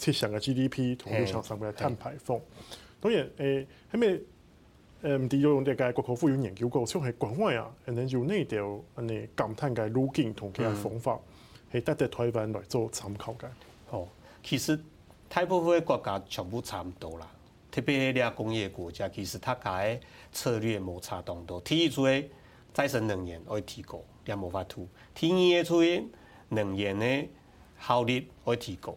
七成嘅 GDP 同七成十嘅碳排放，當然誒喺咩誒唔知用啲嘅國科會有研究過，先係國外啊，然後由呢條啊呢減碳嘅路徑同佢嘅方法係得啲台灣嚟做參考嘅。哦、嗯，好其實大部分嘅國家全部差唔多啦，特別係啲工業國家，其實佢家策略摩擦當多。第一出嚟再生能源可以提高，啲冇法土；第二出嚟能源嘅效率可以提高。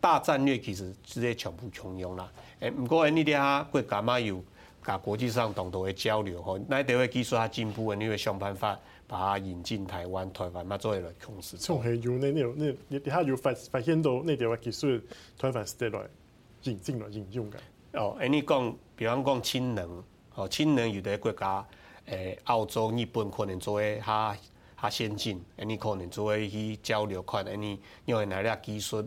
大戰略其實直接全部重用啦。誒，不過你哋哈國家嘛有甲國際上同道交流吼？那位技術較進步，你會想辦法把它引進台灣，台灣嘛作為來重視。從係要你你你你哋哈有發發現到那啲技術，台灣是得來，內內內來引進來應用嘅。哦，誒，你講，比方講氫能，哦，氫能有啲國家，誒，澳洲、日本可能做誒哈哈先進，誒，你可能做誒去交流，可能你因為那啲技術。